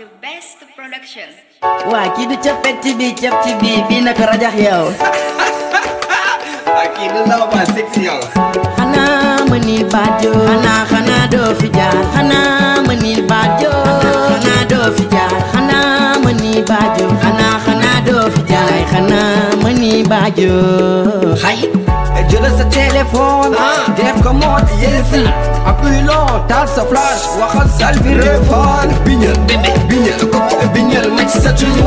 the best production. Wah, kidu cepet cibi, cep cibi, bina kerajah yo. Akidu lo masih yo. Hana menil baju, hana hana do fija, hana menil baju, hana do fija, hana menil baju, hana hana do fija, hana menil baju. Hai, eh, jelas sa téléphone ah. def ko mode yési appuyé lo tal sa flash waxal selfie refone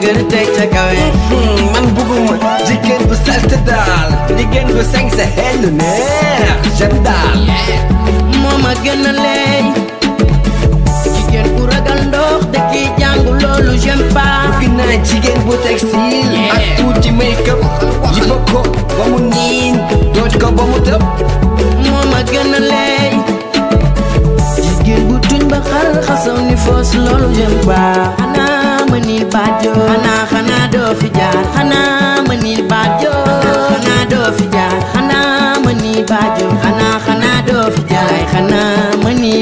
ነገርተይ ተቃዊ hmm, man buguma jigéen bu salte daal jigéen bu sañ sa xel neex jëm daal moo ma gën a leey jigéen bu ragal ndox te kii jàngu loolu jëm pas bëgg naa bu textile ak tuuti make up jiba ko ba mu niin dooj ko ba mu tëb moo ma gën a bu tuñ ba xal xasaw ni foos loolu jëm pas xanaa xanaa doo fi xanaa ma ni baajo xanaa doo fi jaar xanaa ma ni xanaa xanaa doo fi xanaa ma ni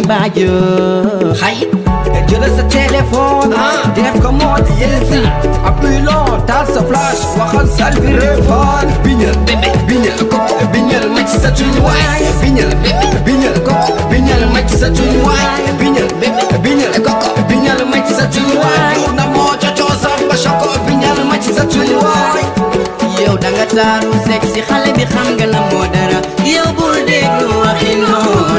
xay jëlal sa ah. def ko mode yéesi appui loo taal flash waxal salvi refan biñal bébé ko biñal ma ci waay biñal bébé ko biñal ma ci waay saaru sexy xale bi xam nga la moo dara yow bul déglu waxi noonu